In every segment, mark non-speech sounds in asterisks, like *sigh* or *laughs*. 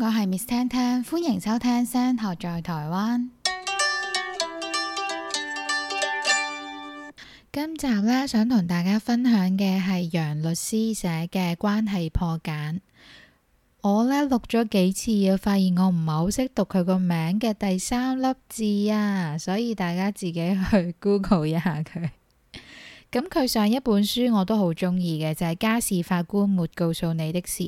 我係 Miss 婷婷，tan，歡迎收聽聲《聲學在台灣》。今集咧，想同大家分享嘅係楊律師寫嘅《關係破繭》。我咧錄咗幾次，發現我唔係好識讀佢個名嘅第三粒字啊，所以大家自己去 Google 一下佢。咁 *laughs* 佢、嗯、上一本書我都好中意嘅，就係、是《家事法官沒告訴你的事》。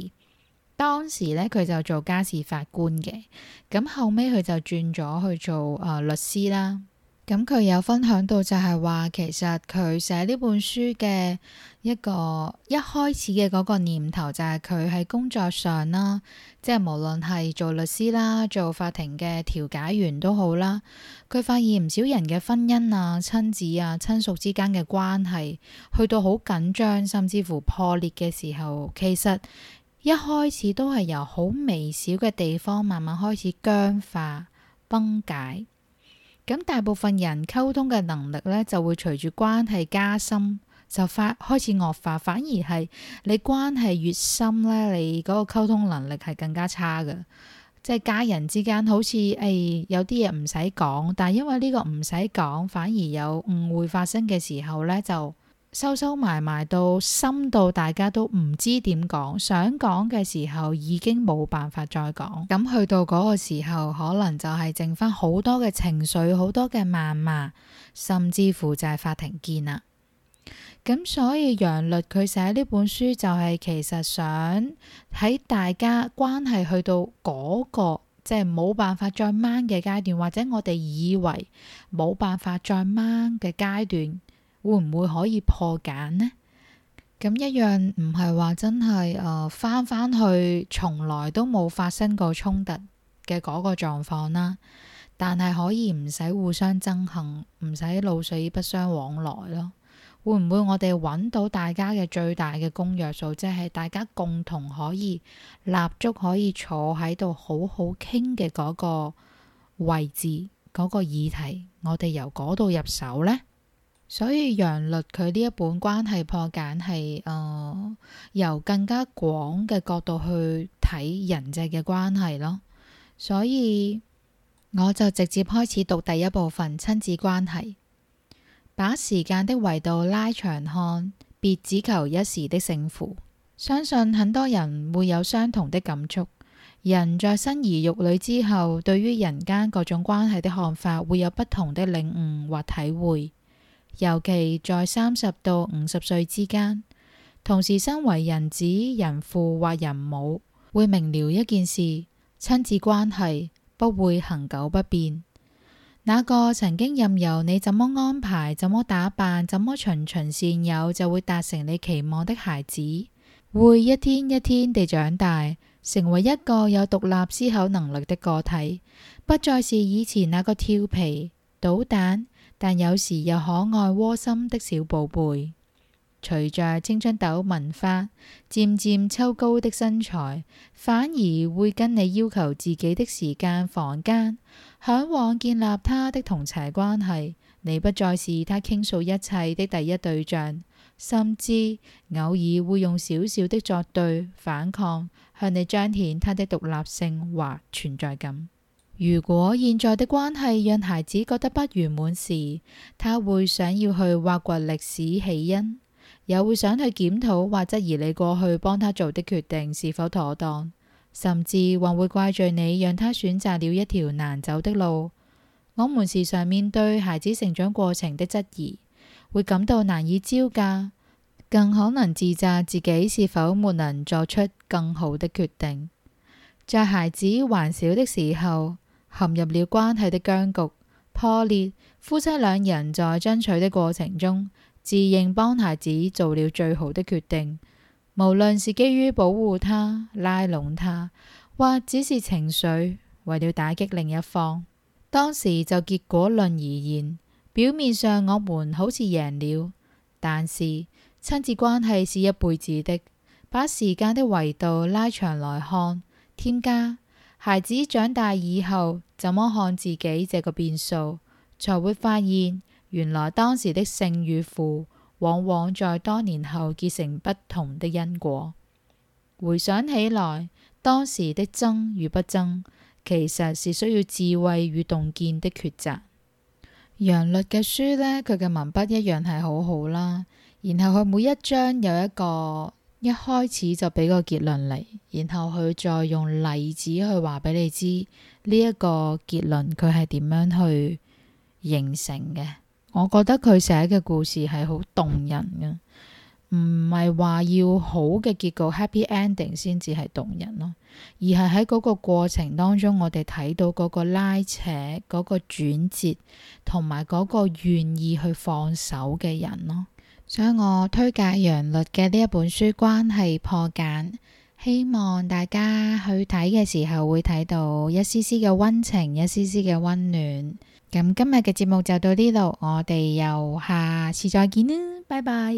當時咧，佢就做家事法官嘅，咁後尾，佢就轉咗去做誒、呃、律師啦。咁佢有分享到就係話，其實佢寫呢本書嘅一個一開始嘅嗰個念頭，就係佢喺工作上啦，即係無論係做律師啦、做法庭嘅調解員都好啦，佢發現唔少人嘅婚姻啊、親子啊、親屬之間嘅關係，去到好緊張，甚至乎破裂嘅時候，其實，一開始都係由好微小嘅地方慢慢開始僵化、崩解，咁大部分人溝通嘅能力呢就會隨住關係加深就發開始惡化，反而係你關係越深呢，你嗰個溝通能力係更加差嘅，即係家人之間好似誒、哎、有啲嘢唔使講，但係因為呢個唔使講，反而有誤會發生嘅時候呢就。收收埋埋，埋到深到大家都唔知點講，想講嘅時候已經冇辦法再講。咁去到嗰個時候，可能就係剩翻好多嘅情緒，好多嘅謾罵，甚至乎就係法庭見啦。咁所以楊律佢寫呢本書就係其實想喺大家關係去到嗰個即係冇辦法再掹嘅階段，或者我哋以為冇辦法再掹嘅階段。會唔會可以破繭呢？咁一樣唔係話真係誒翻翻去從來都冇發生過衝突嘅嗰個狀況啦，但係可以唔使互相憎恨，唔使老死不相往來咯。會唔會我哋揾到大家嘅最大嘅公約數，即係大家共同可以立足可以坐喺度好好傾嘅嗰個位置嗰個議題，我哋由嗰度入手呢？所以楊律佢呢一本關係破繭係，誒、呃、由更加廣嘅角度去睇人際嘅關係咯。所以我就直接開始讀第一部分親子關係，把時間的維度拉長看，別只求一時的勝負。相信很多人會有相同的感觸。人在生兒育女之後，對於人間各種關係的看法會有不同的領悟或體會。尤其在三十到五十歲之間，同時身為人子、人父或人母，會明了一件事：親子關係不會恒久不變。那個曾經任由你怎麼安排、怎麼打扮、怎麼循循善誘，就會達成你期望的孩子，會一天一天地長大，成為一個有獨立思考能力的個體，不再是以前那個調皮搗蛋。但有時又可愛窩心的小寶貝，隨着青春痘萌發，漸漸抽高的身材，反而會跟你要求自己的時間、房間，嚮往建立他的同儕關係。你不再是他傾訴一切的第一對象，甚至偶爾會用小小的作對、反抗，向你彰顯他的獨立性或存在感。如果現在的關係讓孩子覺得不圓滿時，他會想要去挖掘歷史起因，也會想去檢討或質疑你過去幫他做的決定是否妥當，甚至還會怪罪你讓他選擇了一條難走的路。我們時常面對孩子成長過程的質疑，會感到難以招架，更可能自責自己是否沒能做出更好的決定。在孩子還小的時候，陷入了關係的僵局破裂，夫妻兩人在爭取的過程中，自認幫孩子做了最好的決定。無論是基於保護他、拉攏他，或只是情緒，為了打擊另一方，當時就結果論而言，表面上我們好似贏了。但是親子關係是一輩子的，把時間的維度拉長來看，添加。孩子長大以後，怎麼看自己這個變數，才會發現原來當時的勝與負，往往在多年後結成不同的因果。回想起來，當時的爭與不爭，其實是需要智慧與洞見的抉擇。楊律嘅書咧，佢嘅文筆一樣係好好啦，然後佢每一章有一個。一開始就俾個結論嚟，然後佢再用例子去話俾你知呢一個結論佢係點樣去形成嘅。我覺得佢寫嘅故事係好動人嘅，唔係話要好嘅結局 *noise* happy ending 先至係動人咯，而係喺嗰個過程當中，我哋睇到嗰個拉扯、嗰、嗰個轉折同埋嗰個願意去放手嘅人咯。所以我推介楊律嘅呢一本書關係破繭，希望大家去睇嘅時候會睇到一絲絲嘅溫情，一絲絲嘅溫暖。咁今日嘅節目就到呢度，我哋又下次再見啦，拜拜。